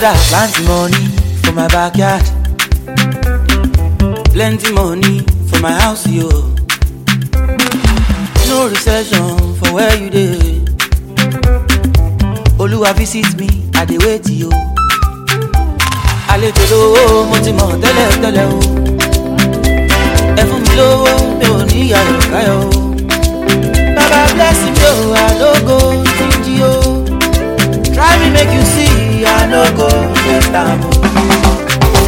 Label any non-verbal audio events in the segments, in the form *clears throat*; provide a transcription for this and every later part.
father plenty money for my backyard plenty money for my house yo no recession for where you dey olúwa visit me i dey wait yo àlejò lówó mo ti mọ̀ tẹ́lẹ̀ tẹ́lẹ̀ o ẹ fún mi lówó mi ò ní ìyàwó káyọ̀ o baba bless me o àdógó jíjí o try me make you see i no go get am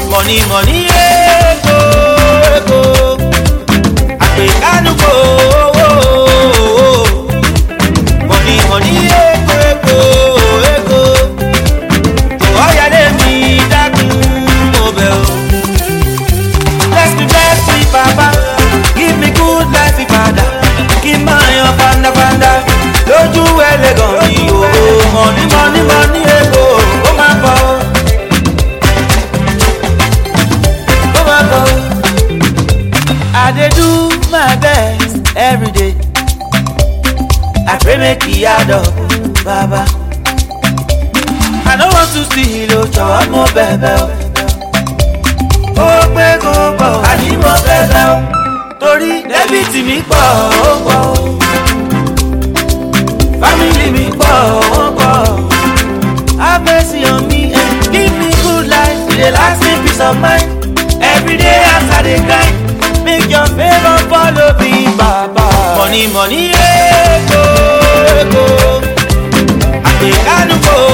money money ego ego I àpèkánu kò go. money money ego ego ego tó ọ̀yàdé mi dákun mo bẹ̀ bless me bless me papa give me good life ìpadà kí n máa yan fandafanda lójú ẹlẹ́gàn. make e add up baba. I no want to see lo jọ̀wọ́ mo bẹ̀bẹ̀ o. Ó pé kó pọ̀ àní mo bẹ̀bẹ̀ o. Torí débìtì mi pọ̀ ó pọ̀ o. Fámìlì mi pọ̀ ó pọ̀ o. Have mercy on me and eh. give me good life. E last me peace of mind. Every day as I dey grind. Make your favour follow me, Baba. Money, money, yeah. Pegar no vou.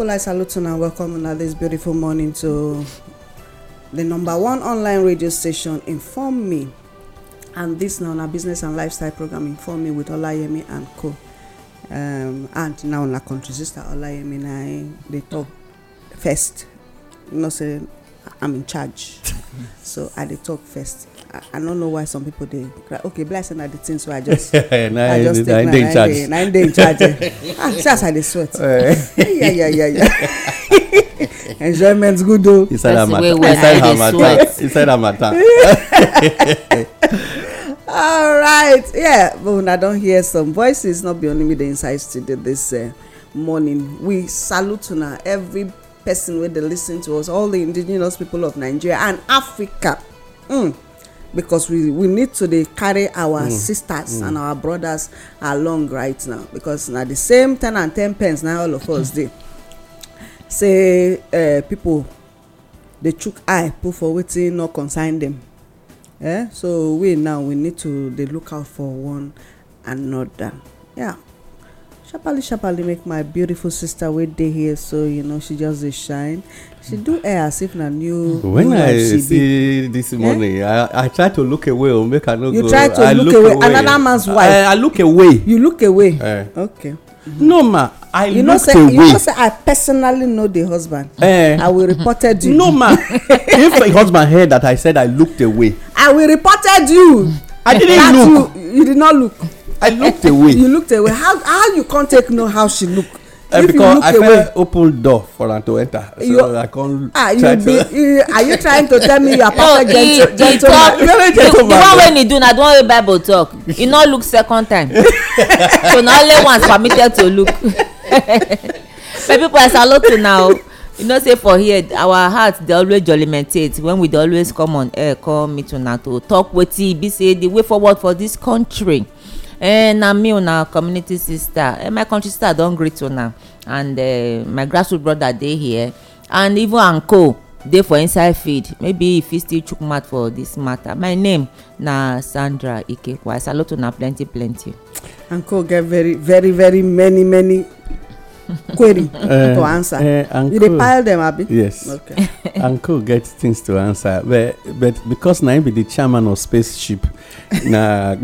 people, I salute you and welcome you this beautiful morning to the number one online radio station, Inform Me. And this now, our business and lifestyle program, Inform Me with Olayemi and Co. Um, and now, our country sister Olayemi and I, they talk first. You know, say I'm in charge. *laughs* so I they talk first i don't know why some people dey cry okay blessing say the things. so i just *laughs* i just take my nine day nine day in charge *laughs* ah see as i dey sweat *laughs* eh. yeah yeah yeah yeah enjoyment good o. inside matter. inside matter. inside matter. all right yeah but una don hear some voices no be only me dey inside studio this uh, morning we salute una every person wey dey lis ten to us all the indigenous people of nigeria and africa. Mm because we we need to dey carry our mm. sisters mm. and our brothers along right now because na the same ten and ten pence na all of us dey say eh, people dey chook eye put for wetin no concern them. Yeah, so we now we need to dey look out for one another yeah sharparly sharparly make my beautiful sister wey dey here so you know she just dey shine She do air as if na new. When new I see this morning, yeah? I, I try to look away or oh, make I no you go. You try to look, away. Another man's wife. I, I look away. You look away. Uh, okay. No ma, I you look say, away. You know say I personally know the husband. Uh, I will reported you. No ma, *laughs* if my husband heard that I said I looked away. I will reported you. I didn't look. You, you did not look. I looked away. you looked away. How how you can't take know how she look if eh, because you look I away open door for am to enter so i come ah, you Be, you, are you trying to tell me you are *laughs* perfect no, gentle, he, gentleman he talk, the, the one wey he do na the bible talk he not look second time so not only once permitted to look my *laughs* people i salute to now. you know say for here our hearts dey always jollimentate when we always come on air come meet una to talk with e be say the way forward for this country eh na me una community sister eh, my country sister don greet una and eh, my grassroots brother dey here and even Uncle. dey for inside field maybe e fit still chook mouth for this matter my name na sandra ikekwa i salute una plenty plenty. Uncle get very very very many many *laughs* query uh, to answer uh, eh, uncle, you dey pile them abi. yes okay. *laughs* uncle get things to answer but but because na him be the chairman of spaceship na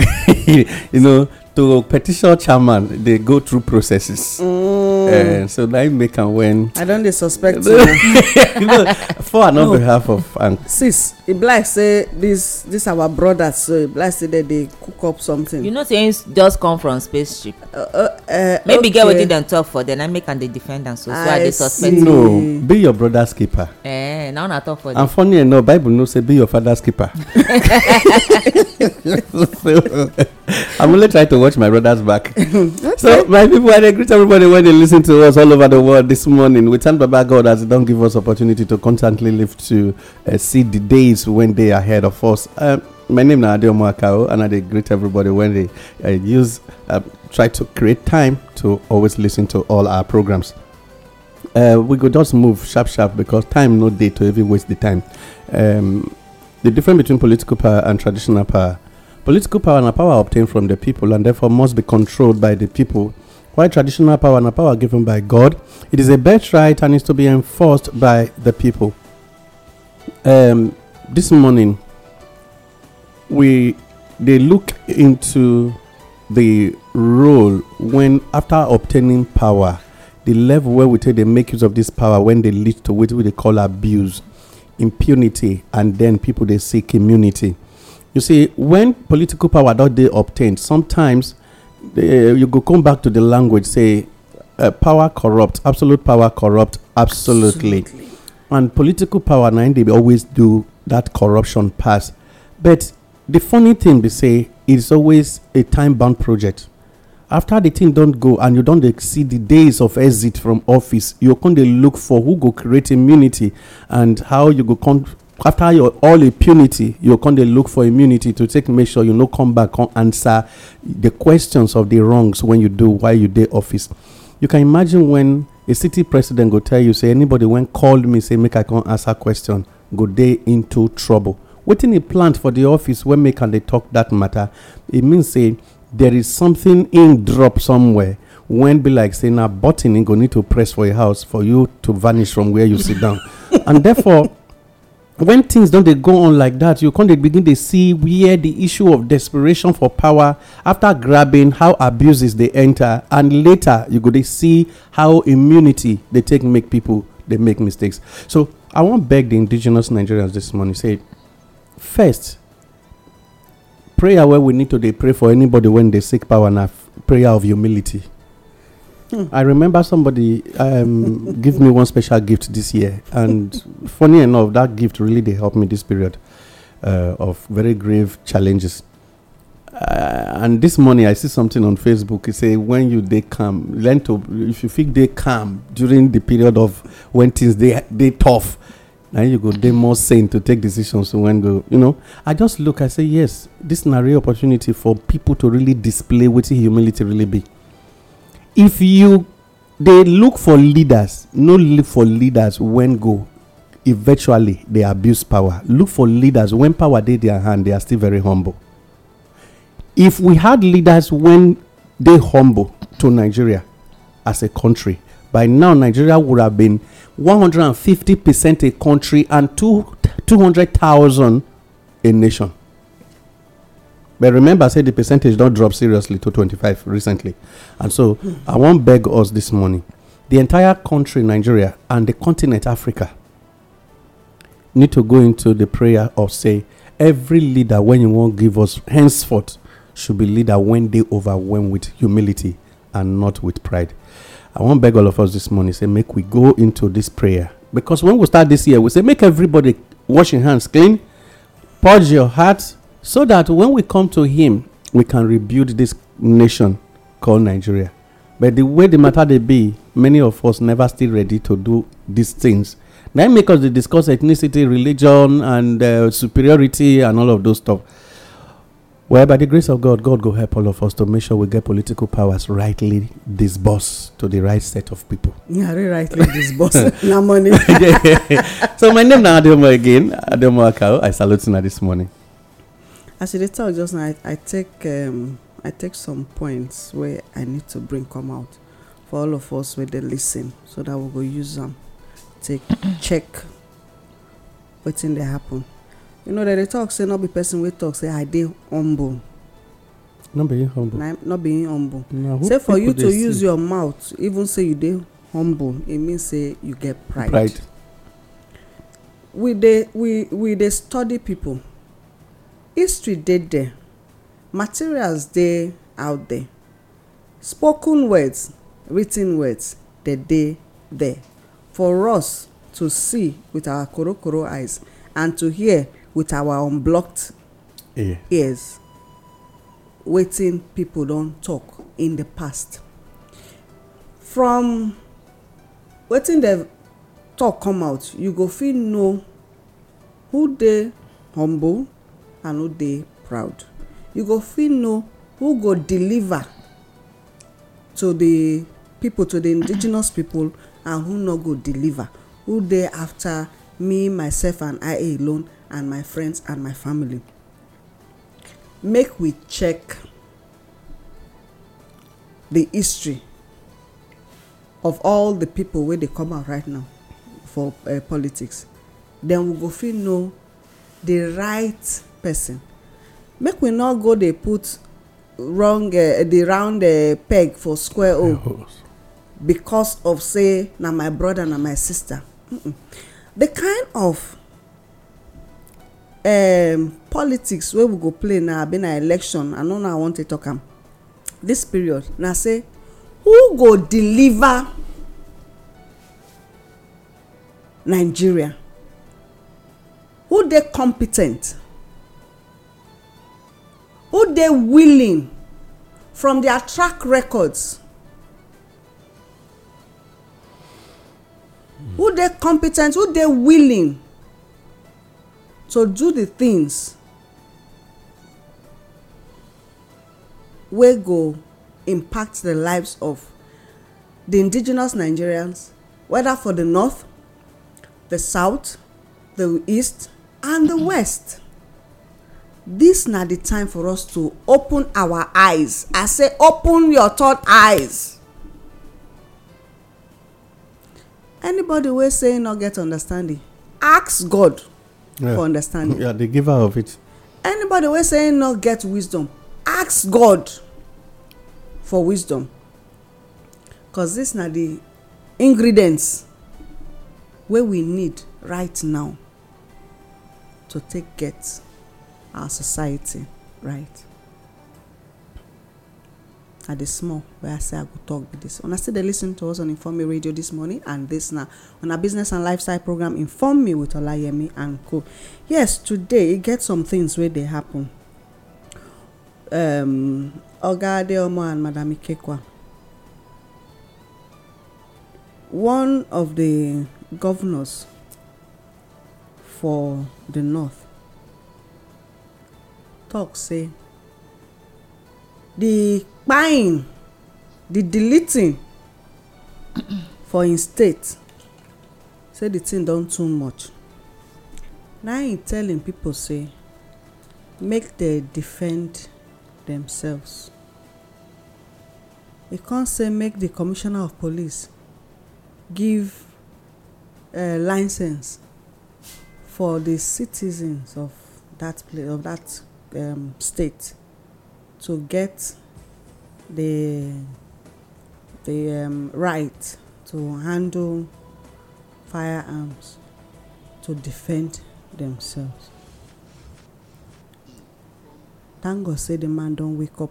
*laughs* you know to petition chairman dey go through processes and mm. eh, so na im make am when i don dey suspect *laughs* you *laughs* for and on behalf of sis e be like say this this our brothers so e be like say dem dey cook up something. you know say im just come from spaceship. Uh, uh, uh, maybe okay. get wetin dem talk for dem na make am dey defend am so so i dey suspect. no be your brother's keeper. Eh, na una talk for dem. and funny enough bible know say be your father's keeper. *laughs* i'm only trying to watch my brother's back. *laughs* okay. so my people i dey greet everybody wey dey lis ten to us all over the world this morning we thank baba god as he don give us opportunity to constantly live to uh, see the days. when they are ahead of us. Um, my name is Adio Mwakao, and I greet everybody when they uh, use uh, try to create time to always listen to all our programs. Uh, we could just move sharp, sharp because time no day to even waste the time. Um, the difference between political power and traditional power. Political power and power obtained from the people and therefore must be controlled by the people. While traditional power and power given by God, it is a birthright and is to be enforced by the people. Um, this morning we they look into the role when after obtaining power the level where we take they make use of this power when they lead to what they call abuse impunity and then people they seek immunity you see when political power that they obtain sometimes they, you go come back to the language say uh, power corrupt absolute power corrupt absolutely, absolutely. and political power nine they always do that corruption pass. But the funny thing they say it's always a time bound project. After the thing don't go and you don't see the days of exit from office, you can to look for who go create immunity and how you go con- after your all impunity, you can to look for immunity to take make sure you no come back and answer the questions of the wrongs when you do while you day office. You can imagine when a city president go tell you say anybody when called me say make I come answer question go day into trouble in a plant for the office when make am they talk that matter It means say there is something in drop somewhere when be like saying a button going go need to press for a house for you to vanish from where you sit down *laughs* and therefore when things don't they go on like that you con dey begin to see where the issue of desperation for power after grabbing how abuses they enter and later you go to see how immunity they take make people they make mistakes so I want to beg the indigenous Nigerians this morning. Say, first, prayer where we need to they pray for anybody when they seek power and prayer of humility. Hmm. I remember somebody um, *laughs* give me one special gift this year, and funny enough, that gift really they helped me this period uh, of very grave challenges. Uh, and this morning I see something on Facebook. It say when you they come, learn to if you think they come during the period of when things they they tough, and you go they more sane to take decisions to when go you know i just look i say yes this is a real opportunity for people to really display what humility really be if you they look for leaders no look for leaders when go eventually they abuse power look for leaders when power they their hand they are still very humble if we had leaders when they humble to nigeria as a country by now Nigeria would have been 150% a country and two, 200,000 a nation. But remember, I said the percentage don't drop seriously to 25 recently. And so I won't beg us this morning. The entire country, Nigeria, and the continent, Africa, need to go into the prayer of say, every leader, when you won't give us henceforth, should be leader when they overwhelm with humility and not with pride. I want to beg all of us this morning, say, make we go into this prayer. Because when we start this year, we say, make everybody wash your hands clean, purge your heart, so that when we come to Him, we can rebuild this nation called Nigeria. But the way the matter they be, many of us never still ready to do these things. Now make us discuss ethnicity, religion, and uh, superiority, and all of those stuff. Well, by the grace of God, God will help all of us to make sure we get political powers rightly disbursed to the right set of people. *laughs* Yeah, rightly disbursed. *laughs* no money. *laughs* so my name now Adomo again, Adomo Akao. I salute you now this morning. As you talk just now, I, I take um, I take some points where I need to bring come out for all of us where they listen, so that we go use them, take check what's in the happen you know they dey talk say no be person wey talk say i dey humble not being humble not being humble say for you to use your mouth even say you dey humble e mean say you get pride pride we dey we we dey study people history dey there materials dey out there spoken words written words dey dey there for us to see with our korokoro eyes and to hear with our unblocked eh. ears wetin people don talk in the past from wetin dem talk come out you go fit know who dey humble and who dey proud you go fit know who go deliver to the people to the indigenous people and who no go deliver who dey after me myself and i alone and my friends and my family make we check the history of all the people wey dey come out right now for uh, politics then we go fit know the right person make we no go dey put wrong uh, the round uh, peg for square hole because of say na my brother na my sister mm -mm. the kind of um politics wey we go play now abi na election i no know how i wan take talk am this period na say who go deliver nigeria who dey competent who dey willing from their track records who dey competent who dey willing to do the things wey go impact the lives of the indigenous nigerians whether for the north the south the east and the west this na the time for us to open our eyes i say open your third eyes anybody wey say e no get understanding ask god for understanding yeah the giver of it anybody wey say no get wisdom ask god for wisdom Cause this na the ingredients wey we need right now to take get our society right I the small where I say I go talk with this. Una I dey lis ten to us on Me Radio this morning and this now on a business and lifestyle program Inform Me with Olayemi and co. Yes, today it get some things where they happen. Um, Oga Adeomo and Madam Ikekwa. One of the governors for the north talk say the kpain the deleting *clears throat* for im state say the thing don too much na im tell im people say make dem defend themselves e come say make the commissioner of police give uh, license for the citizens of that place of that um, state to get the the um, right to handle firearms to defend themselves. Thank God say the man don wake up.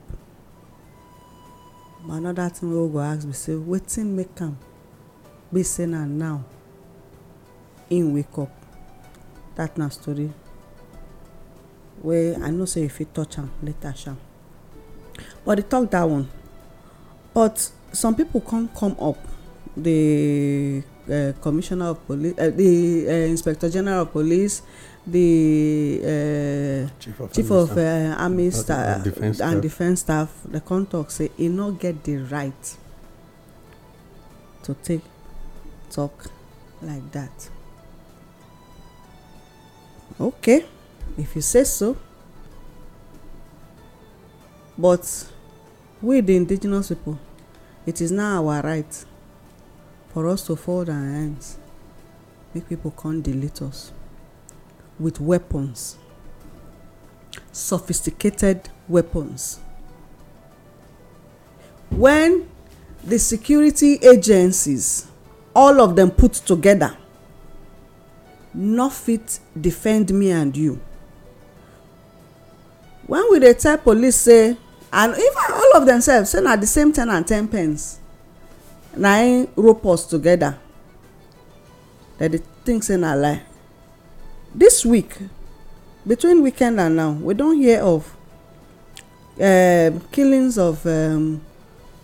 But another thing we go ask be say wetin make am be say na now im wake up. that na story wey I know say you fit touch am later sharp but they talk that one but some people can't come up the uh, commissioner of police uh, the uh, inspector general of police the uh, chief of, chief army, of staff. Uh, army staff and defense staff, and defense staff they come say he not get the right to take talk like that okay if you say so but we the indigenous people it is now our right for us to fold our hands make people come delete us with weapons sophisticated weapons when the security agencies all of them put together no fit defend me and you when we dey tell police say and even all of themselves say na the same ten and ten pence na im rope us together dem dey think say na lie this week between weekend and now we don hear of uh, killings of um,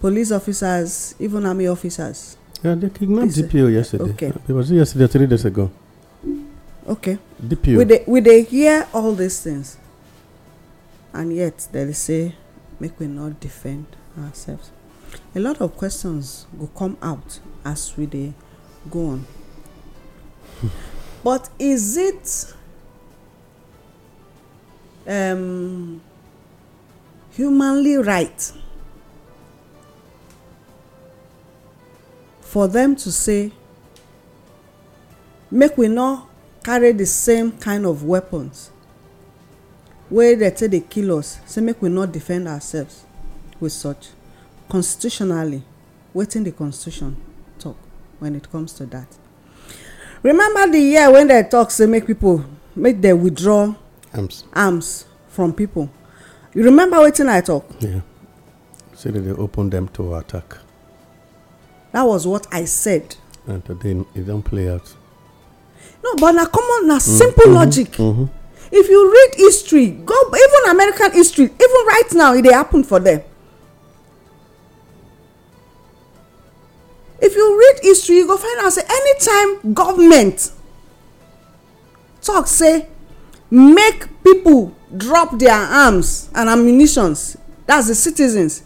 police officers even army officers. Yeah, they kidnapped DPO yesterday. Okay. Uh, it was yesterday, three days ago. Okay. DPO. We they, we they hear all these things, and yet they say make we not defend ourselves a lot of questions go come out as we dey go on *laughs* but is it um, humanly right for them to say make we not carry the same kind of weapons wey dey take dey kill us say make we not defend ourselves with such constitutionally wetin the constitution talk when it comes to that. remember the year when they talk, say make people make dem withdraw arms from people. you remember wetin i talk? yeah say dem dey open them to attack that was what i said and today it don't play out no but na common na mm, simple mm-hmm, logic mm-hmm if you read history go even american history even right now e dey happen for dem if you read history you go find out say anytime government talk say make people drop their arms and ammunitions that's the citizens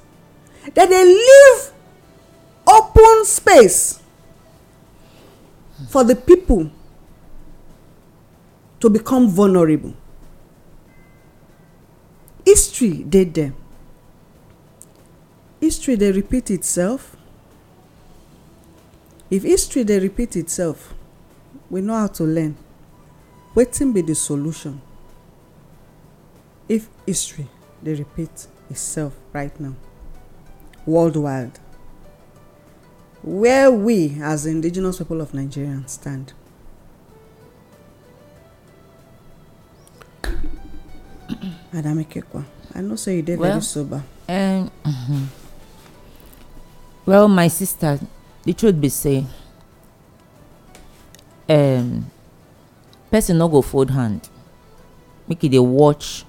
dem dey leave open space for the people to become vulnerable history dey there history dey repeat itself if history dey repeat itself we know how to learn wetin be the solution if history dey repeat itself right now worldwide where we as indigenous people of nigeria stand Adamikekwa, I know say you did well, very sober. Um, mm-hmm. Well, my sister, the truth be say, um, person no go fold hand. Make e dey watch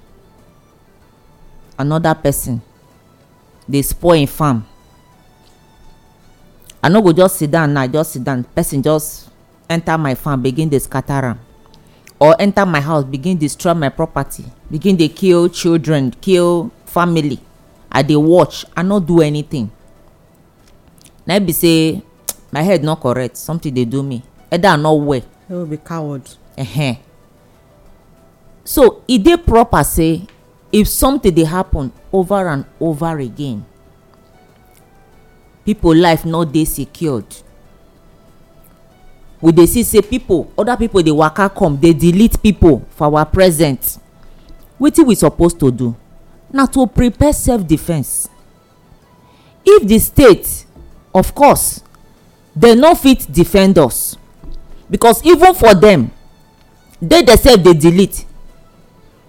another person dey spoil im farm. I no go just sit down now, just sit down. Person just enter my farm begin dey scatter am or enter my house begin destroy my property begin dey kill children kill family i dey watch i no do anything na be say *tsk* my head no correct something dey do me either i no well. you be coward. Uh -huh. so e dey proper say if something dey happen over and over again people life no dey secured we dey see say people other people dey waka come dey delete people for our present wetin we suppose to do na to prepare self defence if the state of course dem no fit defend us because even for dem they themselves dey delete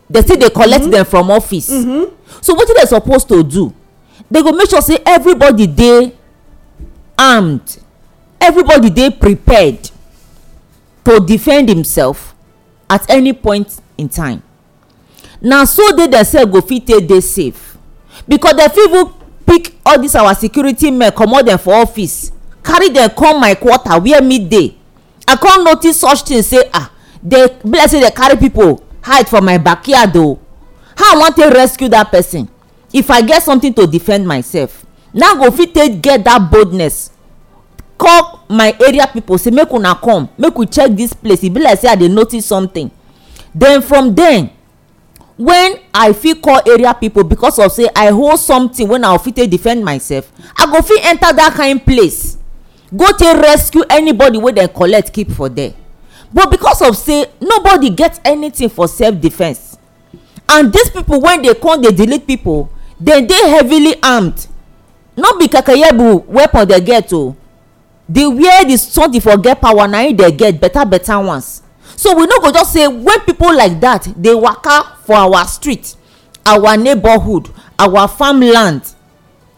they still dey collect mm -hmm. from office mm -hmm. so wetin dem suppose to do they go make sure say everybody dey armed everybody dey prepared to defend himself at any point in time na so dey themselves go fit take dey safe because dem fit even pick all this our security men comot dem for office carry dem come my quarter where me dey i come notice such thing say ah dey be like say dey carry people hide for my backyard o oh. how i wan take rescue that person if i get something to defend myself now go fit take get that boldness call my area people say make una come make we check this place e be like say i dey notice something then from then, when i fit call area people because of say i hold something when i fit take defend myself i go fit enter that kind place go take rescue anybody wey dem collect keep for there but because of say nobody get anything for self defence and these people wey dey come dey delete people. dem dey heavily armed no be kakayebu weapon dem get o the where the study for get power na im dey get better better ones so we no go just say when people like that dey waka for our street our neighborhood our farmland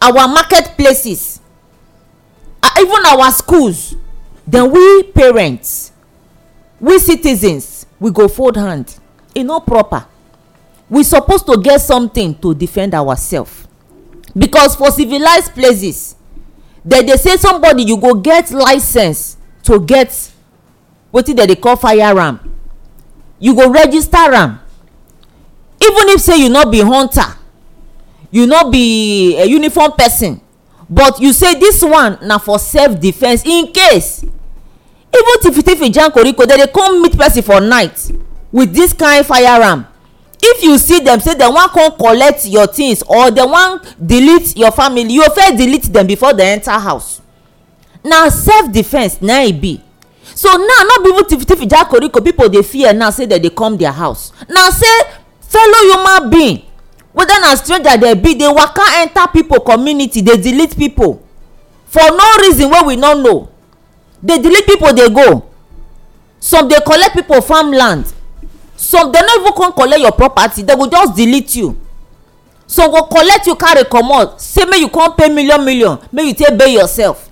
our market places uh, even our schools then we parents we citizens we go fold hand e no proper we suppose to get something to defend ourselves because for civilized places dem dey say somebody you go get license to get wetin dem dey call firearm you go register am even if say you no be hunter you no be a uniform person but you say this one na for self defence in case even tifitifi jankoriko dem dey come meet person for night with this kind firearm if you see dem say dem wan come collect your things or dem wan delete your family you first delete dem before dem enter house na self defence na e be so now no be even tifi jakoriko people dey fear now say dem dey come their house na say fellow human being whether na stranger dem be dey waka enter people community dey delete people for no reason wey we no know dey delete people dey go some dey collect people farmland some dem no even come collect your property dem go just delete you some go collect you carry comot say make you come pay million million make you take bail yourself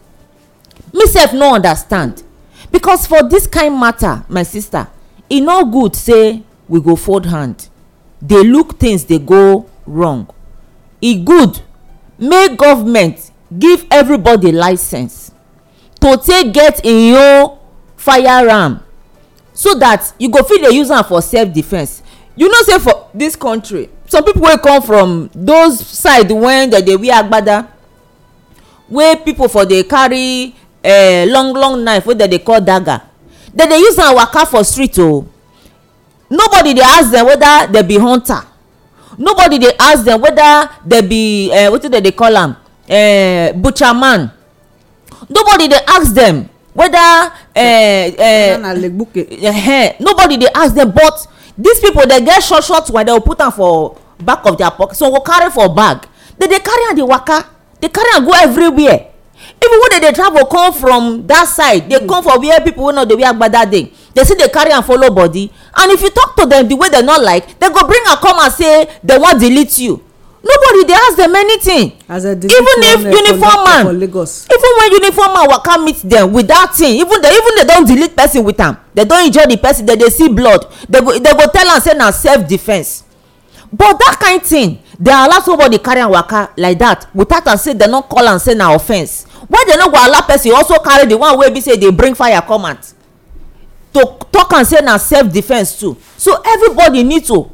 me sef no understand because for this kind matter my sister e no good say we go fold hand dey look things dey go wrong e good make government give everybody license to take get im own firearm so that you go fit dey use am for self defence you know say for this country some people wey come from those side wen dem dey wear agbada wey people for dey carry uh, long long knife wey dem dey call dagger dem dey use am waka for street o nobody dey ask dem whether dem be hunter nobody dey ask dem whether dem be uh, wetin dem dey call am uh, butcher man nobody dey ask dem whether eh, eh, eh, nobody dey ask them, but these people dey get short short while they put am for back of their pocket some go carry for bag They dey carry am dey waka dey carry am go everywhere even when they dey travel come from that side dey come for where people wey no dey wear agbada dey They still dey carry am follow body and if you talk to them, the way they no like they go bring am come and say dem wan delete you nobody dey ask dem anything even if uniform man even when uniform man waka meet dem with that thing even they even they don delete person with am they don injure the person they dey see blood they go they go tell am say na self defence but that kind thing dey allow somebody carry am waka like dat without am say dem no call am say na offence why dem no go allow person also carry the one wey be say dey bring fire come out to talk am say na self defence too so everybody need to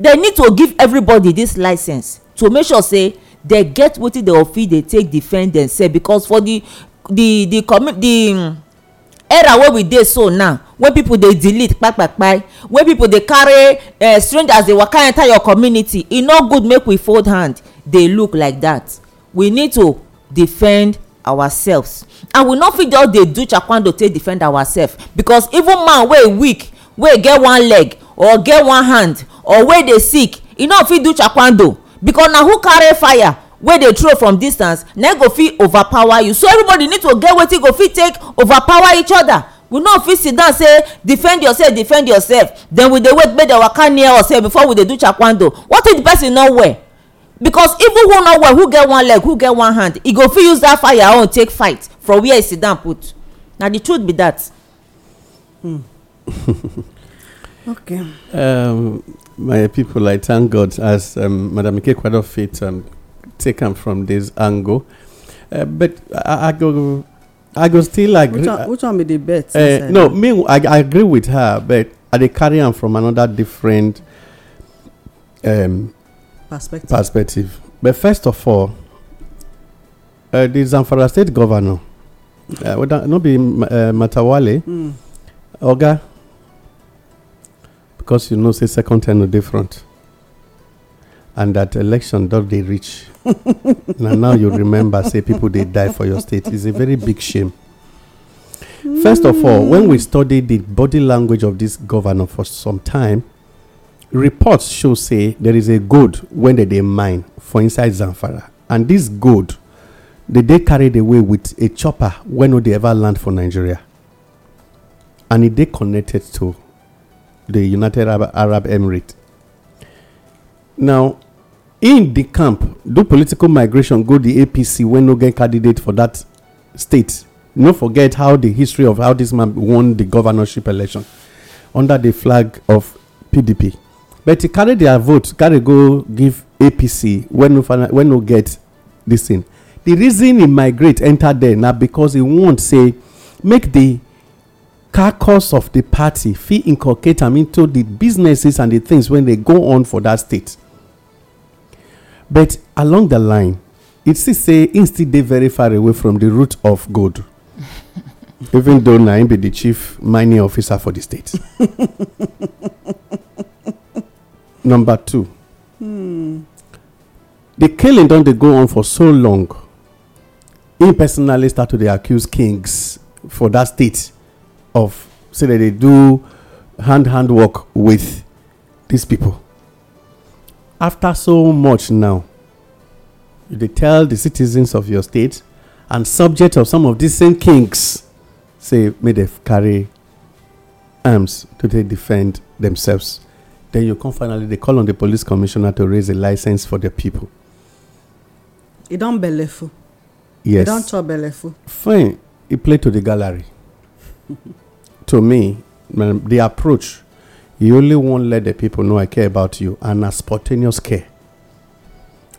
they need to give everybody this license to make sure say dem get wetin dem go fit dey take defend themselves because for the the the community the mm, era wey we dey so now when people dey delete kpakpakpai when people dey carry uh, strangers dey waka enter your community e no good make we fold hand dey look like that we need to defend ourselves and we no fit just dey do chakwando take defend ourselves because even man wey weak wey get one leg or get one hand or wey dey sick e no fit do chakwando because na who carry fire wey dey throw from distance na go fit overpower you so everybody need to get wetin go fit take overpower each other we no fit sit down say defend yourself defend yourself then we dey wait make dem waka near us here before we dey do chakwando what if the person no well because even who no well who get one leg who get one hand e go fit use that fire own take fight from where e sit down put na the truth be that. Hmm. *laughs* okay. Um, my people, I thank God as um, Madam Ike Kwadofit um, taken from this angle. Uh, but I, I, go, I go still agree. Which one, uh, which one be the best? Uh, no, me, I, I, agree with her, but I they carry on from another different um, perspective. perspective. But first of all, uh, the Zamfara State Governor, uh, not be uh, Matawale, mm. Oga because you know say second time no different, and that election don't they reach *laughs* now you remember say people they die for your state is a very big shame first of all when we study the body language of this governor for some time reports show say there is a gold when they they mine for inside zamfara and this gold they they carried away with a chopper when would they ever land for nigeria and it they connected to the United Arab, Arab Emirates. Now, in the camp, do political migration go the APC when no get candidate for that state? No forget how the history of how this man won the governorship election under the flag of PDP. But he carry their vote, carry go give APC when no when no get this thing. The reason he migrate enter there now because he won't say make the carcass of the party fit inculcate am into the businesses and the things wey dey go on for that state but along the line it see say im still dey very far away from the root of gold *laughs* even though na im be the chief mining officer for the state *laughs* number two hmm. the killing don dey go on for so long im personally start to dey accuse kings for that state of say that they do hand hand work with these people after so much now they tell the citizens of your state and subject of some of these same kings say may they carry arms to defend themselves then you come finally they call on the police commissioner to raise a license for the people e don belleful yes e don't chop belleful fine He play to the gallery *laughs* to me, the approach, you only won't let the people know I care about you, and a spontaneous care.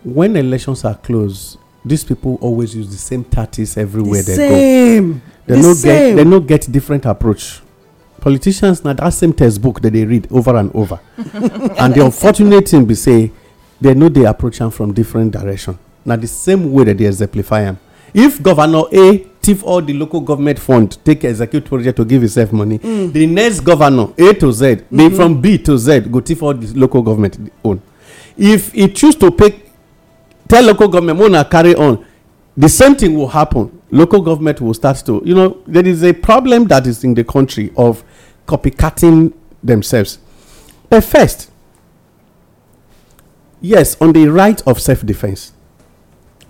When elections are close, these people always use the same tactics everywhere the they same. go. They the no same. Get, they no get different approach. Politicians now that same textbook that they read over and over, *laughs* and the unfortunate thing be say they know they approach them from different direction. Now the same way that they exemplify them. If Governor A thief all the local government fund take execute project to give itself money mm. the next governor a to z mm -hmm. from b to z go thief all the local government own if he choose to pay tell local government wanna carry on the same thing will happen local government will start to you know there is a problem that is in the country of copycatting themselves but first yes on the right of self-defense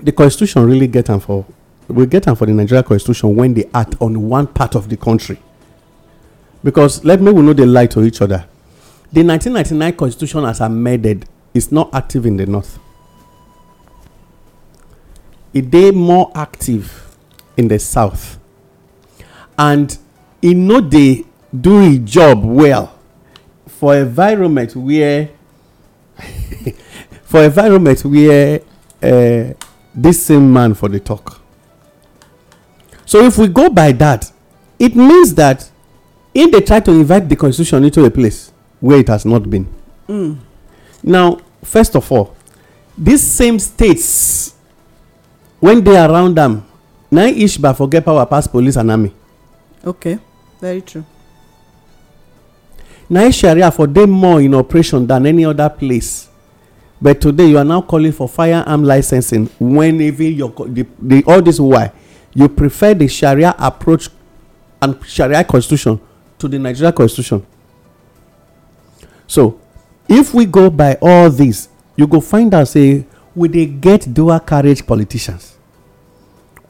the constitution really get am for we get am for the nigeria constitution when they act on one part of the country because let me we know dey lie to each other di 1999 constitution as amended is not active in the north e dey more active in the south and e no dey do e job well for environment where *laughs* for environment where eh, this same man for dey talk So if we go by that, it means that if they try to invite the constitution into a place where it has not been. Mm. Now, first of all, these same states, when they are around them, na each by forget power pass police and army. Okay, very true. Now Sharia for them more in operation than any other place. But today you are now calling for firearm licensing when even your the, the all this why you prefer the sharia approach and sharia constitution to the nigeria constitution so if we go by all this you go find out say we dey get dual carriage politicians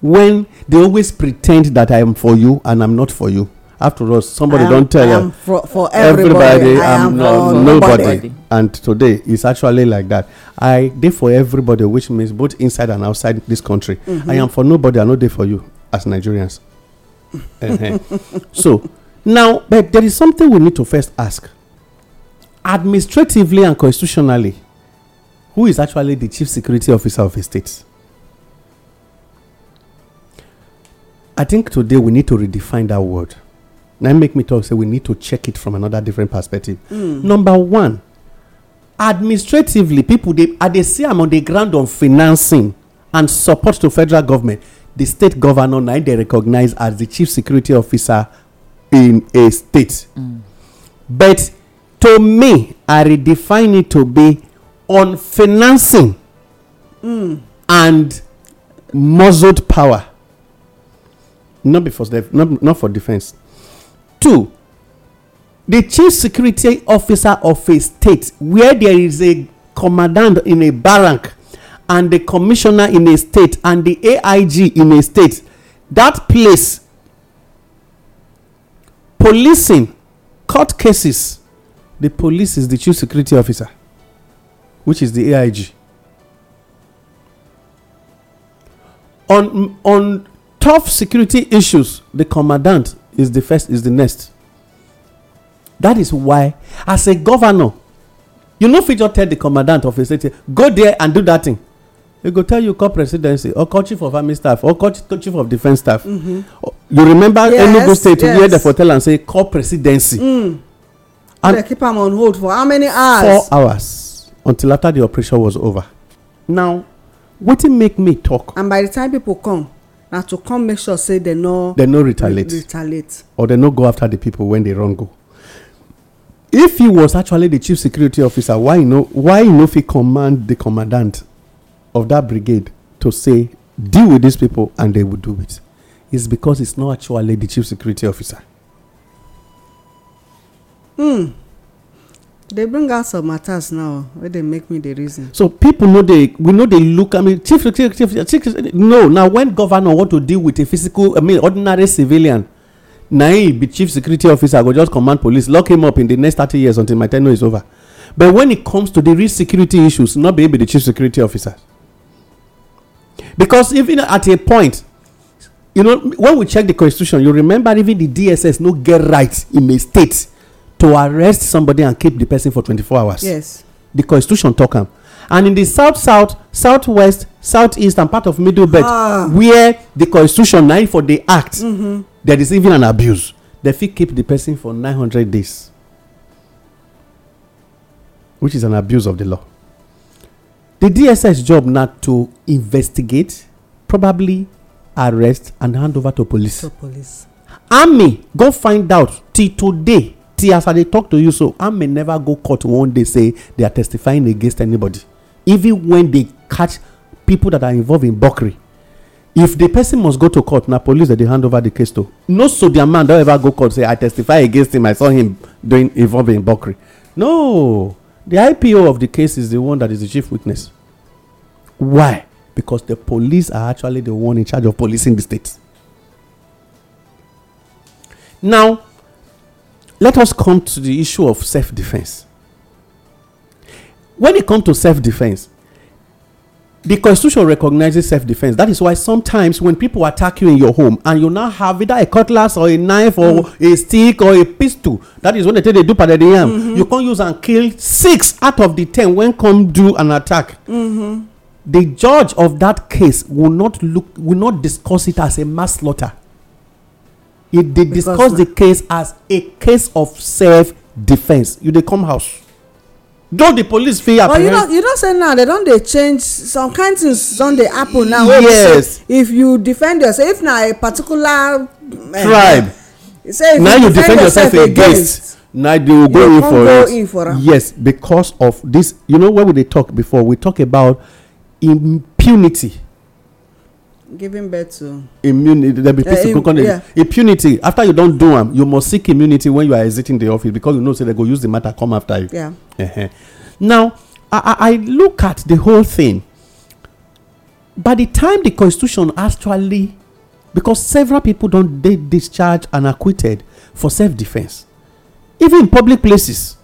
when they always pretend that i am for you and i'm not for you after all somebody don't tell you for, for, everybody, everybody i'm no, nobody. nobody. and today it's actually like that i did for everybody which means both inside and outside this country mm-hmm. i am for nobody i know there for you as nigerians *laughs* so now but there is something we need to first ask administratively and constitutionally who is actually the chief security officer of a state i think today we need to redefine that word Now make me talk say we need to check it from another different perspective. Mm. Number one, administratively, people they are they see I'm on the ground on financing and support to federal government. The state governor now they recognize as the chief security officer in a state. Mm. But to me, I redefine it to be on financing mm. and muzzled power. Not, before, not, not for defense two the chief security officer of a state where there is a commandant in a barrack and the commissioner in a state and the aig in a state that place policing court cases the police is the chief security officer which is the aig on on tough security issues the commandant is the first is the next that is why as a governor you no fit just tell the commandant of a state go there and do that thing e go tell you call presidency or call chief of army staff or call chief of defence staff mm-hmm. you remember enugu state where dem for tell am say call presidency mm. and They keep am on hold for how many hours four hours until after the operation was over now wetin make me talk. and by the time people come na to come make sure say dem no dem no retaliate retaliate or dem no go after the people wen dey wrong go if he was actually the chief security officer why he no fit command the commandant of that brigade to say deal with these people, and they will do it is because he's not actually the chief security officer Mm. They bring out some matters now wey dey make me dey reason so people no dey we no dey look i mean chief chief chief chief, no na when governor want to deal with a physical i mean ordinary civilian na him be chief security officer go just command police lock him up in the next thirty years until my tenure is over but when it comes to the real security issues not be be the chief security officer because even at a point you know when we check the constitution you remember even the dss no get right in a state to arrest somebody and keep the person for twenty-four hours yes The constitution tok am and in the south south southwest southeast and part of middle belt ah. where the constitution na for the act mm-hmm. there is even an abuse They fit keep the person for nine hundred days which is an abuse of the law The dss job na to investigate probably arrest and hand over to police. to police army go find out till today see as i dey talk to you so i may never go court one day say they are testifying against anybody even when they catch people that are involved in buckery if the person must go to court na police that dey hand over the case to no so their man don ever go court say i testify against him i saw him doing involved in buckery no the ipo of the case is the one that is the chief witness why because the police are actually the one in charge of policing the state now Let us come to the issue of self defense. When it comes to self defense, the constitution recognizes self defense. That is why sometimes when people attack you in your home and you now have either a cutlass or a knife or mm. a stick or a pistol, that is when they take they do part of the Mm-hmm. You can't use and kill six out of the ten when come do an attack. Mm-hmm. The judge of that case will not look, will not discuss it as a mass slaughter if they discuss the case as a case of self defense you dey come house though the police fit apprehend. but you know say now dem don dey change some kind things don dey happen now Yes. if you defend yourself if na a particular eh, tribe say if you defend yourself against na they will go in for it yes because of this you know when we dey talk before we talk about impunity giving birth to. immunity there be peace uh, yeah. impunity after you don do am you must seek immunity when you are exiting the office because you know say they go use the matter come after you. Yeah. Uh -huh. now I, I look at the whole thing by the time the constitution actually because several people don dey discharged and acquitted for self-defence even in public places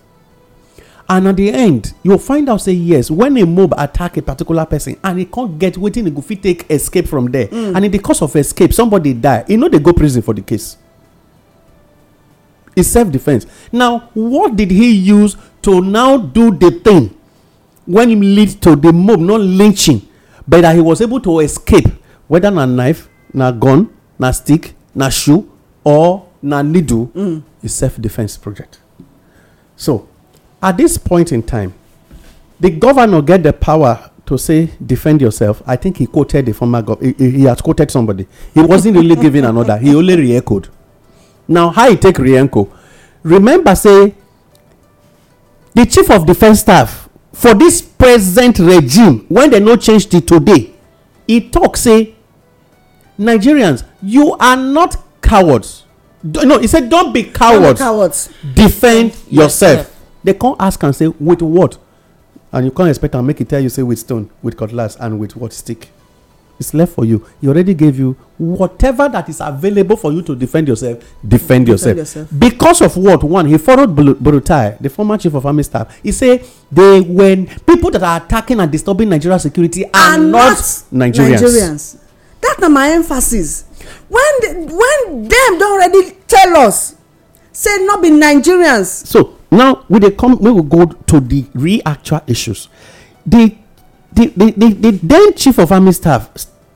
and at the end you find out say yes When a mob attack a particular person and e con get wetin e go fit take escape from there mm. and in the course of escape somebody die e no dey go prison for the case e self defence now what did he use to now do the thing when im lead to the mob not lynching but that he was able to escape whether na knife na gun na stick na shoe or na needle mm. is self defence project so At this point in time, the governor get the power to say defend yourself. I think he quoted the former governor. He, he has quoted somebody. He wasn't really giving another; He only re-echoed. Now how he take re-echo? Remember say the chief of defence staff for this present regime when they no change till today he talk say nigerians you are not cowards no he say don't be cowards, cowards. defend yourself. yourself they can't ask and say with what and you can't expect am make e tell you say with stone with cutlass and with what stick it's left for you he already gave you whatever that is available for you to defend yourself defend, defend yourself. yourself because of what one he followed burutai the former chief of army staff he say they when people that are attacking and disturbing nigeria security are, are not, not nigerians. nigerians that na my emphasis when the, when dem don already tell us say no be nigerians. so now we they come we will go to the real actual issues The the the the then chief of army staff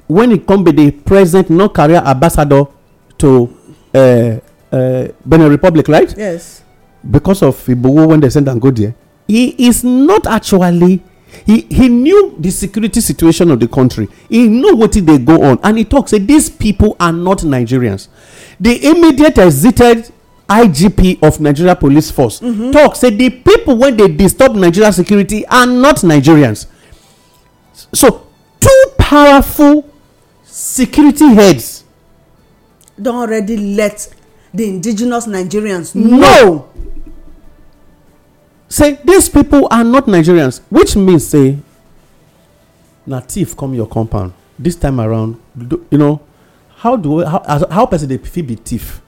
when he come be the present non career ambassador to uh, uh, benin republic right yes because of igbowo when they send am go there he is not actually he he knew the security situation of the country he know wetin they go on and he talks. say these people are not nigerians they immediately exited igp of nigeria police force mhm. tok say the people wey dey disturb nigeria security are not nigerians so two powerful security heads don already let the indigenous nigerians know say these people are not nigerians which means say na thief come your compound this time around you know how do how person dey fit be thief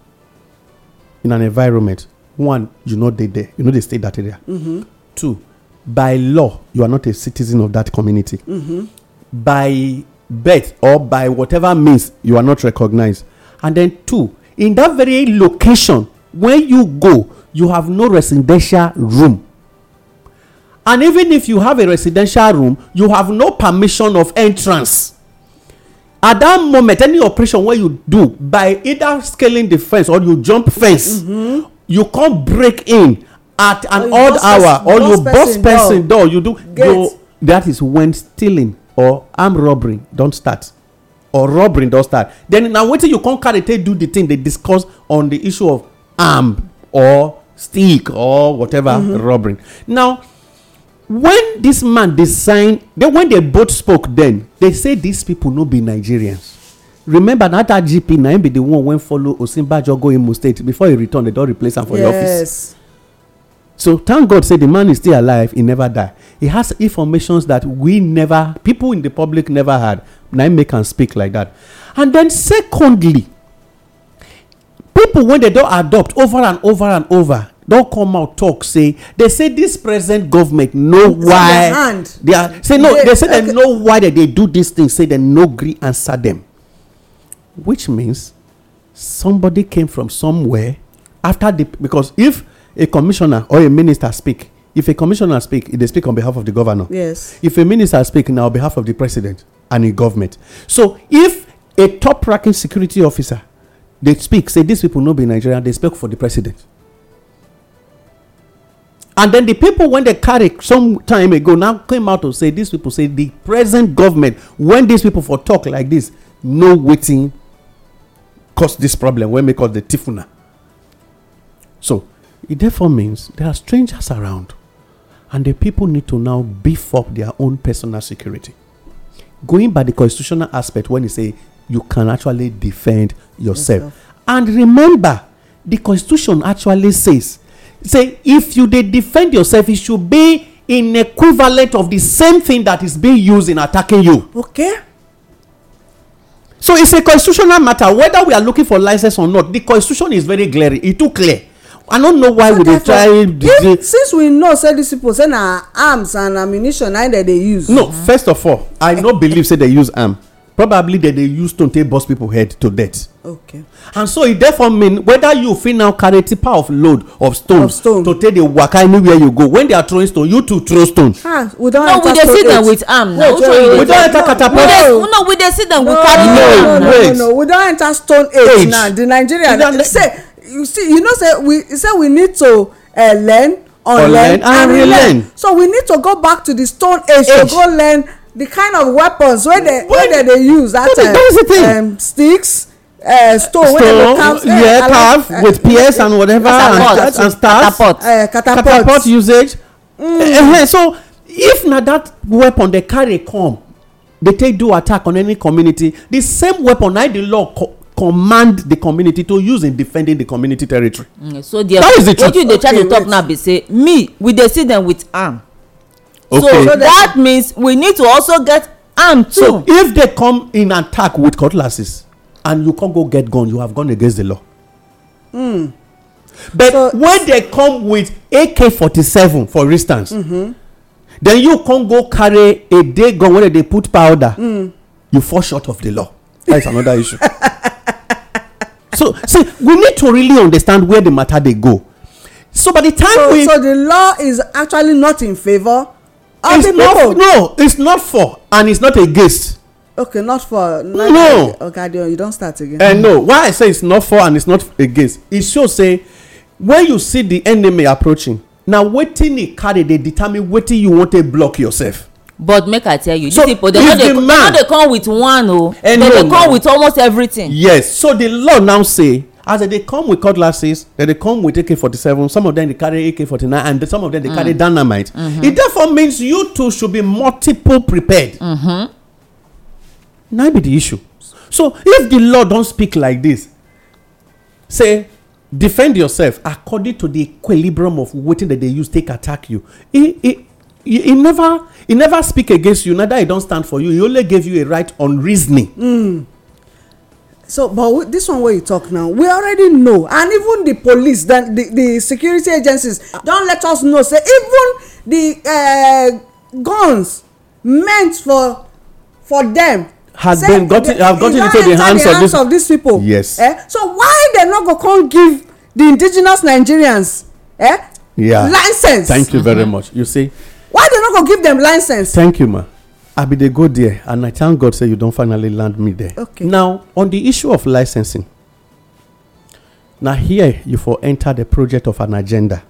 in an environment one you no dey there you no dey stay that area mm-hmm. two by law you are not a citizen of that community mm-hmm. by birth or by whatever means you are not recognized and then two in that very location when you go you have no residential room and even if you have a residential room you have no permission of entrance at that moment any operation wey you do by either scaling the fence or you jump fence mm-hmm. you come break in at an oh, odd hour or you burst person door, you do you that is when stealing or armed robbery don start or robbery don start then na wetin you come carry take do the thing They discuss on the issue of arm or stick or whatever mm-hmm. robbery now when this man dey then when they both spoke then they say these people no be nigerians remember na that gp na him be the one wey follow osinbajo go imo state before he return They don replace am for the office so thank god say the man is still alive He never die He has informations that we never people in the public never had na im make am speak like that and then secondly people wey dem don adopt over and over and over don come out talk say they say this present government know why they are say no they say they know why they dey do this thing say they no gree answer them, which means somebody came from somewhere after the because if a commissioner or a minister speak if a commissioner speak e dey speak on behalf of the governor yes if a minister speak na on behalf of the president and the government so if a top ranking security officer dey speak say these people no be nigerian dey speak for the president and then the people when they carried some time ago now came out to say these people say the present government when these people for talk like this no waiting cause this problem when we call the tifuna so it therefore means there are strangers around and the people need to now beef up their own personal security going by the constitutional aspect when you say you can actually defend yourself. yourself. and remember the constitution actually says say if you dey defend yourself it should be in equivalent of the same thing that is being used in attacking you. okay. so it's a constitutional matter whether we are looking for license or not the constitution is very glaring; e too clear i no know why so we dey try. if since we know say dis people say na arms and ammunition na dem dey use. no mm -hmm. first of all i no eh. believe say dem use arm probably dem dey use stone take burst people head to death okay and so e therefore mean whether you fit now carry tipa of load of stones to take dey waka anywhere you go when they are throwing stone you too throw stone ah we don enter no we dey sit dem with arm now we don enter catapult no no, we dey sit dem with carry no no no no we don enter stone age now the nigerian say you see you know say we say we need to eh, learn unlearn and relearn so we need to go back to the stone age to go learn the kind of weapons wey dem dey use that time eh, um, sticks uh, eh, stone wey dem dey carve uh, yeah eh, calf uh, with pierce uh, and whatever and, and stars catapult. Uh, catapult catapult usage mm. uh, so if na that weapon dey carry come dey take do attack on any community the same weapon na the law co command the community to use in defending the community territory. Mm, so there that is the truth wetin you dey try okay, to talk now be say me we dey see them with arm. okay so, so that means we need to also get arm too. so if they come in attack with cutlasses and you can't go get gun you have gone against the law mm. but so, when they come with ak-47 for instance mm-hmm. then you can't go carry a day gun when they put powder mm. you fall short of the law that's another issue *laughs* so see we need to really understand where the matter dey go so by the time so, we. so the law is actually not in favour. of it's the people no it's not for and it's not against okay not for. Not no okay you don start again. Uh, no why i say it's not for and it's not against e show say when you see the enemy approaching na wetin e carry dey determine wetin you wan take block yourself. but make i tell you so these people they no dey the man, they no dey come with one o oh. eh, they no, dey come no. with almost everything. yes so the law now say as they dey come with cutlasses they dey come with ak-47 some of them dey carry ak-49 and some of them dey mm. carry dynamite mm -hmm. it therefore means you too should be multiple prepared. Mm -hmm na be the issue so if the law don speak like this, say defend yourself according to the equilibrium of wetin dem dey use take attack you e never never speak against you neither e don stand for you e only give you a right on reasoning Mm. so but this one wey you talk now we already know and even the police then the the security agencies don let us know say even the uh, guns meant for for them has say been gotten have gotten into the hands, the hands of, these people. yes eh? so why they not go come give the indigenous nigerians eh? yeah license. thank you very uh-huh. much you see. why they not go give them license. thank you ma i be dey go there and i thank god say you don't finally land me there. okay now on the issue of licensing Now here you for enter the project of an agenda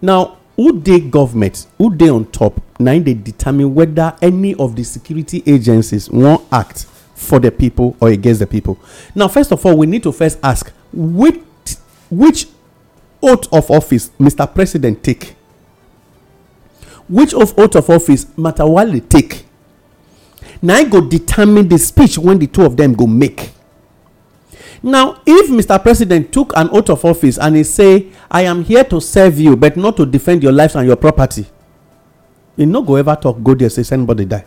now who dey government who dey on top na im dey determine whether any of the security agencies wan act for the people or against the people. now first of all we need to first ask which which oath of office mr president take which of oath of office matawale take na im go determine the speech wey the two of them go make now if mr president took an oath of office and he say i am here to serve you but not to defend your lives and your property he no go ever talk go there say send body die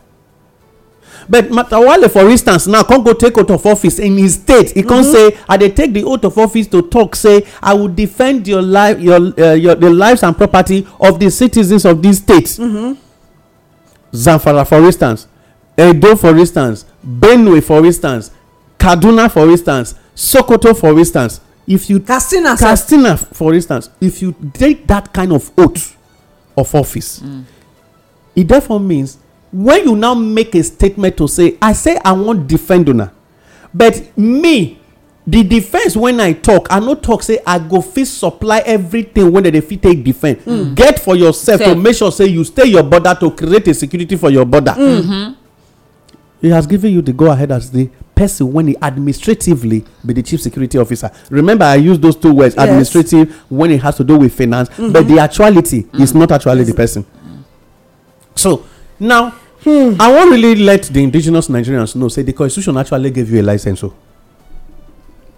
but matawale for instance now come go take oath of office in his state He come mm-hmm. say i dey take the oath of office to talk say i will defend your life your uh, your the lives and property of the citizens of this state mm-hmm. zamfara for instance edo for instance benue for instance kaduna for instance sokoto for instance if you katsina katsina for instance if you take that kind of oath of office mm. it therefore means when you now make a statement to say i say i wan defend una but me the defense when i talk i no talk say i go fit supply everything wey dem dey fit take defend mm. get for yourself Self. to make sure say you stay your border to create a security for your border. Mm -hmm. he has given you the go ahead as the person when he administratively be the chief security officer. Remember, I use those two words yes. administrative when it has to do with finance, mm-hmm. but the actuality mm-hmm. is not actually the person. So now, hmm. I won't really let the indigenous Nigerians know say the constitution actually gave you a license. So oh.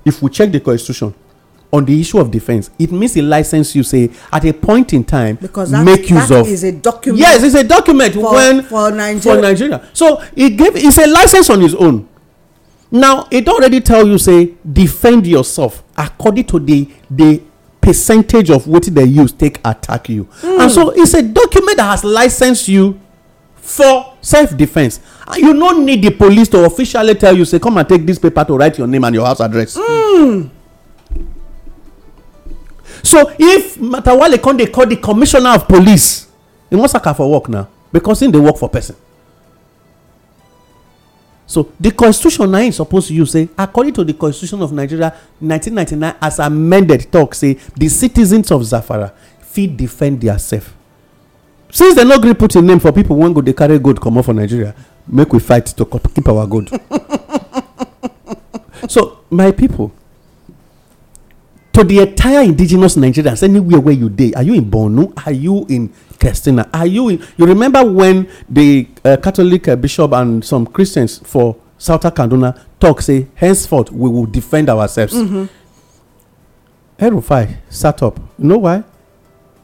if we check the constitution, on the issue of defense it means a license you say at a point in time because that, make use that of is a document yes it's a document for, when for nigeria. for nigeria so it gave it's a license on its own now it don already tell you say defend yourself according to the the percentage of wetin they use take attack you and hmm. so it's a document that has licensed you for self defence you no need the police to officially tell you say come and take this paper to write your name and your house address hmm. so if matawale come dey call di commissioner of police he wan sack her for work now because im dey work for person so the constitution na im suppose use say according to the constitution of nigeria 1999 as amended talk say the citizens of Zafara, fit defend diasef since they no gree put im name for people, wey go dey carry gold comot for nigeria make we fight to keep our gold *laughs* so my people, to the entire indigenous nigerians anywhere where you dey are you in borno are you in Kestina. Are you in, you remember when the uh, Catholic uh, bishop and some Christians for South Kaduna talk say henceforth we will defend ourselves. Mm-hmm. Erufai sat up. You know why?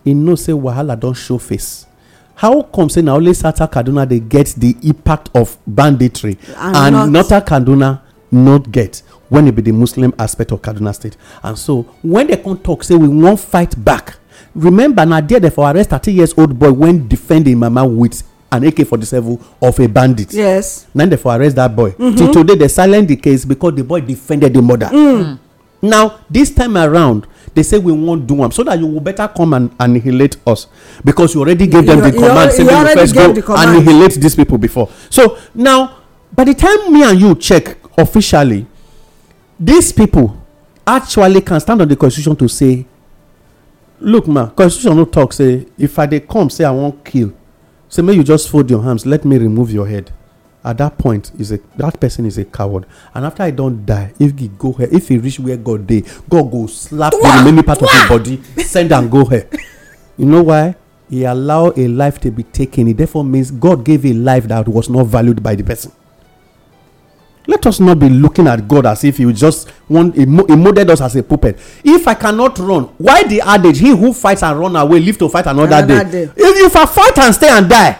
He know say wahala don't show face. How come say now only South Kaduna dey get the impact of banditry and, and not North Kaduna not get when it be the Muslim aspect of Kaduna state? And so when they come talk say we won't fight back remember na there dem for arrest thirty years old boy wen defend im mama with an ak forty seven of a bandit yes na dem for arrest dat boy mm-hmm. till today dem silent di case because di boy defended di mother mm. now dis time around they say we wan do am so that you go better come and annihilate us because you already give dem the command say make you first go annihilate these people before so now by the time me and you check officially these people actually can stand on the constitution to say look ma constitution no talk say if i dey come say i wan kill say make you just fold your arms let me remove your head at that point is a that person is a coward and after i don die if he go here if he reach where god dey god go slap the remaining part of him body send am go here you know why he allow a life to be taken it therefore means god gave a life that was not valued by the person let us not be looking at God as if He just want He, molded us as a puppet. If I cannot run, why the adage? He who fights and run away live to fight another, another day. day. If you fight and stay and die,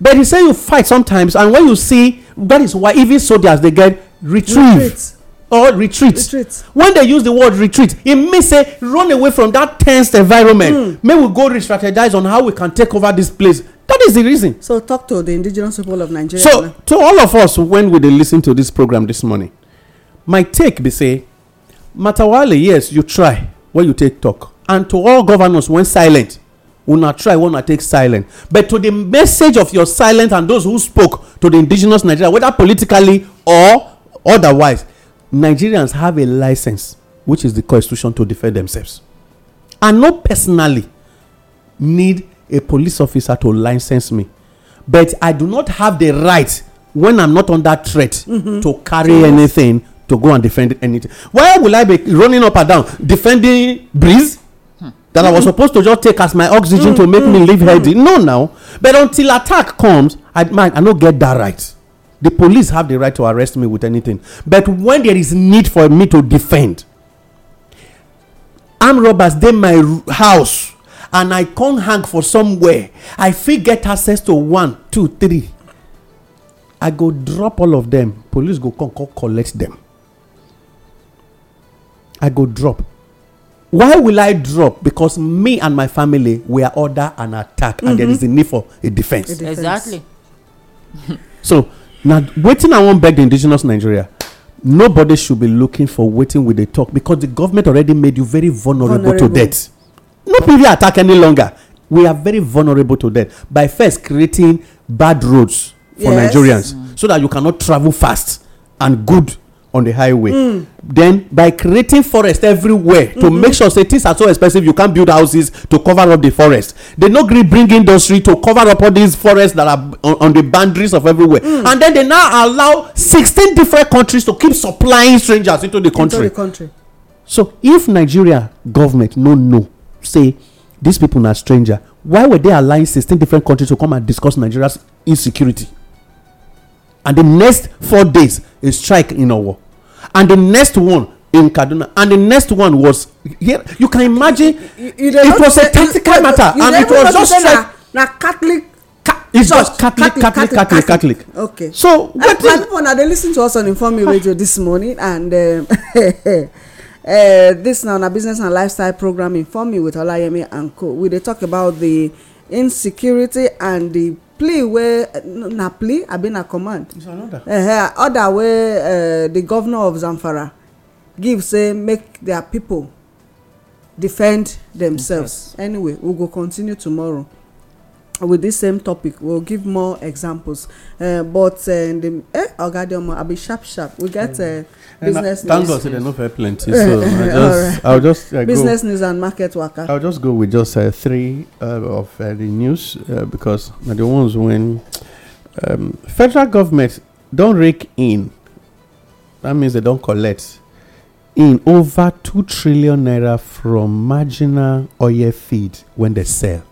but He say you fight sometimes, and when you see that is why even soldiers they get retrieve. Retreat or retreat. retreat when they use the word retreat it means say run away from that tense environment mm. make we go re-strategize on how we can take over this place that is the reason. so talk to the indigenous people of nigeria. so to all of us when we dey lis to this program this morning my take be say matawale yes you try when you take talk and to all governors when silent not try not take silent but to the message of your silent and those who spoke to the indigenous nigeria whether politically or otherwise Nigerians have a license, which is the constitution, to defend themselves. I no personally need a police officer to license me, but I do not have the right when I'm not under threat mm-hmm. to carry yes. anything to go and defend anything. Why will I be running up and down defending breeze? that mm-hmm. I was mm-hmm. supposed to just take as my oxygen mm-hmm. to make mm-hmm. me live healthy. Mm-hmm. No, now, but until attack comes, I man, I don't get that right. The police have the right to arrest me with anything. But when there is need for me to defend, armed robbers dey my house and I come hang for somewhere, I fit get access to one, two, three. I go drop all of them. Police go come, come collect them. I go drop. Why will I drop? Because me and my family we are under an attack, mm-hmm. and there mm-hmm. is a need for a defense. A defense. Exactly. so na wetin i wan beg the indigenous nigeria nobody should be looking for wetin we dey talk because the government already made you very vulnerable to death no be really attack any longer we are very vulnerable to death by first creating bad roads for nigerians mm. so that you cannot travel fast and good on the highway mm. then by creating forest everywhere to mm -hmm. make sure cities things are so expensive you can't build houses to cover up the forest they no gree bring industry to cover up all these forests that are on, on the boundaries of everywhere mm. and then they now allow sixteen different countries to keep supplying strangers into the country, into the country. so if nigeria government no no say these people are stranger why were they allowing sixteen different countries to come and discuss nigeria's insecurity and the next four days a strike in our war. and the next one in Kaduna, and the next one was here. You can imagine you, you it was a tactical matter, and it was just like na Catholic. Ca- it's just Catholic, Catholic, Catholic, Catholic. Okay. So eh, what? people now they listen to us on Inform Radio *laughs* this morning, and um, uh, *laughs* this now na business and lifestyle program Inform with Olayemi and Co. We dey talk about the insecurity and the plea wey na plea abi na command uh, order wey uh, the governor of zamfara give say make their people defend themselves yes. anyway we go continue tomorrow. with this same topic we'll give more examples uh, but uh, the eh oga i i be sharp sharp we get uh, mm. business thank news thank god say plenty so *laughs* i just i will just uh, business go, news and market worker. i will just go with just uh, three uh, of uh, the news uh, because the ones when um, federal government don't rake in that means they don't collect in over two trillion naira from marginal oil feed when they sell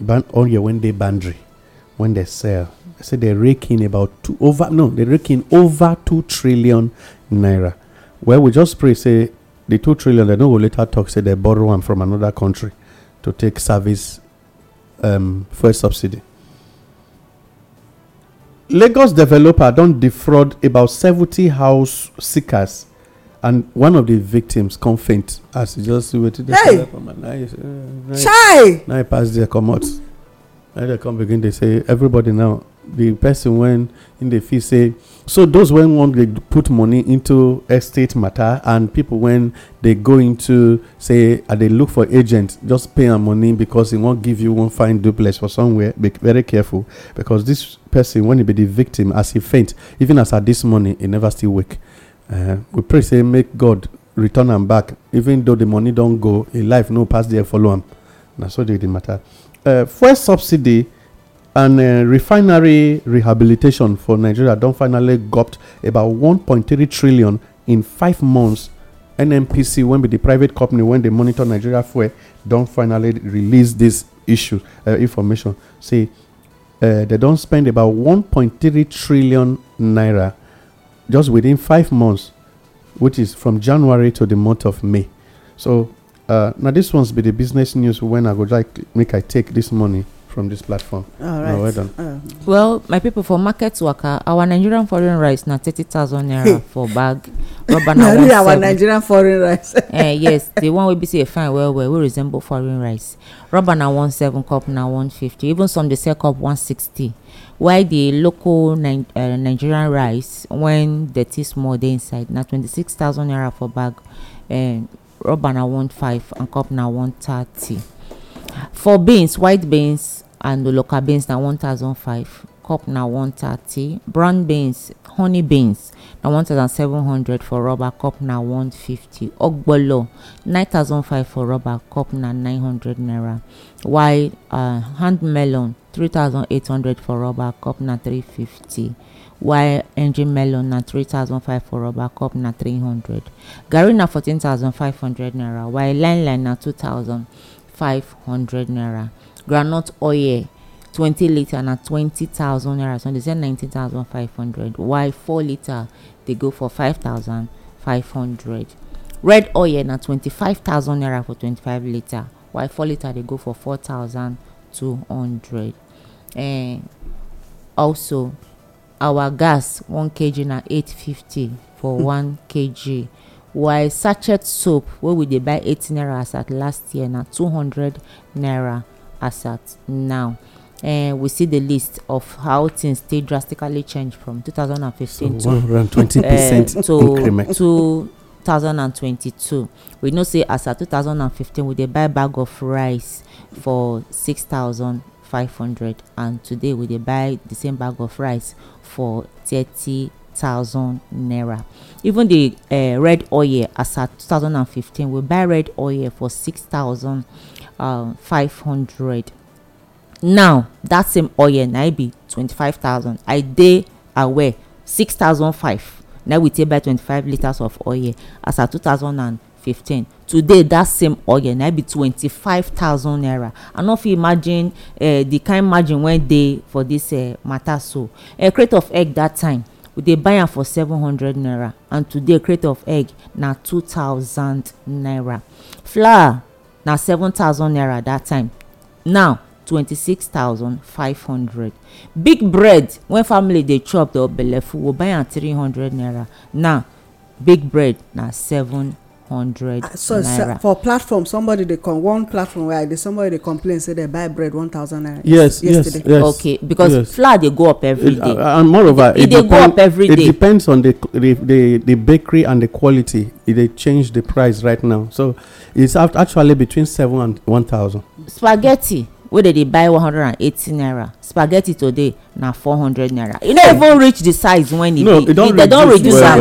ban- on your when they boundary when they sell. I said they rake in about two over no, they rake in over two trillion naira. Well, we just pray say the two trillion they know go later talk say they borrow one from another country to take service um, fuel subsidy. Lagos developer don't defraud about 70 house seekers and one of the victims come faint as he just wait till they hey. come and now he, now, Chai. now he pass there come out now they come begin they say everybody now the person when in the fee say so those when want they put money into estate matter and people when they go into say and they look for agent just pay them money because he won't give you one fine duplex for somewhere be very careful because this person when he be the victim as he faint even as at this morning he never still wake Uh, we pray say make god return am back even though the money don go a life no pass there follow am na so dey the matter. Uh, fuel subsidy and uh, refinery rehabilitation for nigeria don finally gopt about 1.3 trillion in five months nnpc when be the private company when dey monitor nigeria fuel don finally release this issue uh, information say uh, they don spend about 1.3 trillion naira just within five months, which is from January to the month of May. So uh, now this one's be the business news when I would like make I take this money from this platform. All right. No, well done. Uh. Well, my people for market worker, our Nigerian foreign rice now thirty thousand naira for bag. *laughs* Rubber na one our Nigerian foreign rice. uh, *laughs* yes, the one we be say fine well well we resemble foreign rice. Rubber na one seven cup now one fifty even some dey sell cup one sixty why the local Ni uh, nigerian rice when dirty small dey inside na twenty-six thousand naira for bag um, rubber na one five and cup na one thirty for beans white beans and local beans na one thousand five cup na one thirty brown beans honey beans na one thousand seven hundred for rubber cup na one fifty ogbolo nine thousand five for rubber cup na nine hundred naira while uh, hand melon three thousand eight hundred for rubber cup na three fifty while engine melon na three thousand five for rubber cup na three hundred garri na fourteen thousand five hundred naira while line line na two thousand five hundred naira groundnut oil 20 litre na thousand naira so they say hundred. while four litre dey go for five five thousand hundred? red oil na thousand naira for twenty five litre while four litre dey go for four thousand two hundred? And eh, also our gas one kg na fifty for hmm. one kg while sachet soap wey we dey buy 80 naira as at last year na hundred naira as at now uh, we see the list of how things did drastically change from 2015 so to 120 eh, percent uh, to 2022 we know say as at 2015 we dey buy bag of rice for 6500 and today we dey buy the same bag of rice for 30 thousand naira even the uh, red oil as at 2015 we buy red oil for six thousand um, five hundred now that same oil na e be twenty five thousand i dey aware six thousand five na e we take buy twenty five litres of oil as at two thousand and fifteen today that same oil na e be twenty-five thousand naira i no fit imagine uh, the kind margin wey dey for this uh, matter so a eh, crate of egg that time we dey buy am for seven hundred naira and today crate of egg na two thousand naira flour na seven thousand naira that time now twenty-six thousand, five hundred big bread when family dey chop the obelefu we buy am three hundred naira now big bread na seven hundred ah, naira. so se for platform somebody dey come one platform where i dey somebody dey complain say they buy bread one thousand naira. yes yesterday. yes yes okay because yes. flour dey go up every day. It, uh, and moreover it, it dey go up every day. it depends on the the the, the bakery and the quality e dey change the price right now so it's actually between seven and one thousand. spaghetti wey dey dey buy one hundred and eighty naira spaghetti today na four hundred naira e no even reach the size when e be dem don reduce am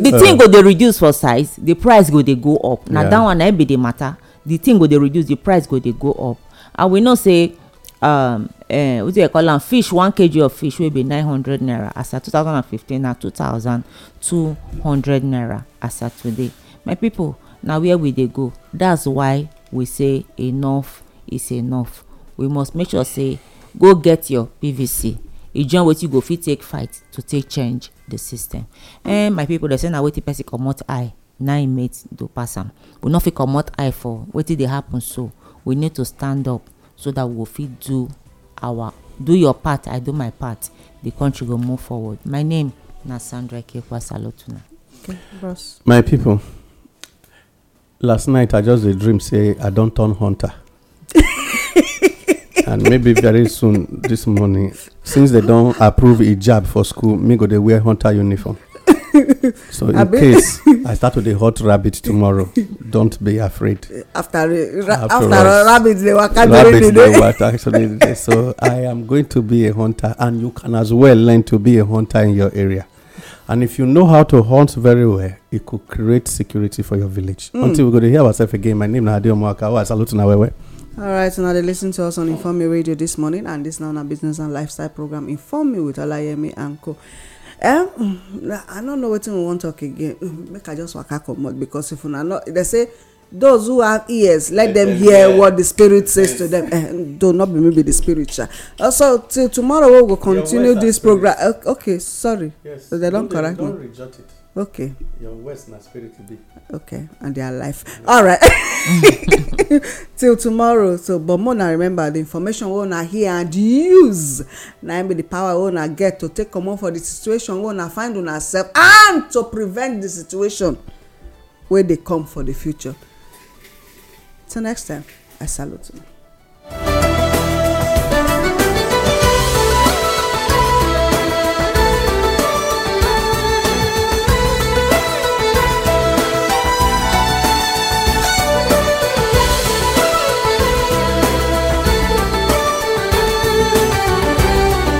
the uh. thing go dey reduce for size the price go dey go up na that one na be the matter the thing go dey reduce the price go dey go up and we know say um, uh, eh, wetin dey call am fish one kg of fish wey be nine hundred naira as at two thousand and fifteen na two thousand two hundred naira as at today my people na where we dey go that's why we say enough is enough we must make sure say go get your pvc e join wetin you go fit take fight to take change the system And my people dey say na wetin person comot eye na im mate to pass am we no fit comot eye for wetin dey happen so we need to stand up so that we go fit do our do your part i do my part the country go move forward my name na sandra kekwa salotuna. Okay, boss. my people last night i just dey dream say i don turn hunter and maybe very soon this morning since they don approve hijab for school me go dey wear hunter uniform so in case i start to dey hot rabbit tomorrow don't be afraid after after rabbit dey waka during the day rabbit dey waka during the day so i am going to be a hunter and you can as well learn to be a hunter in your area and if you know how to hunt very well it could create security for your village mm. until we go dey hear ourselves again my name na adeomuaka owa salutu na wewe. All right, so now they listen to us on Inform Me Radio this morning, and this now our business and lifestyle program Inform Me with Olayemi and Co. Um, I don't know what we want to talk again. Make I just walk out of comot because if una not, they say those who have ears let, them, hear what the spirit says to them. Uh, eh, do not be maybe the spirit. Sha. Also, till tomorrow we will continue this program. okay, sorry, yes. so they don't, correct they, don't me. Reject it okay your words na spirit be okay and their life All right. *laughs* till tomorrow so but more na remember the information wey una hear and use na be the power wey una get to take comot for the situation wey una find una sef and to prevent the situation wey dey come for the future till next time i salute you.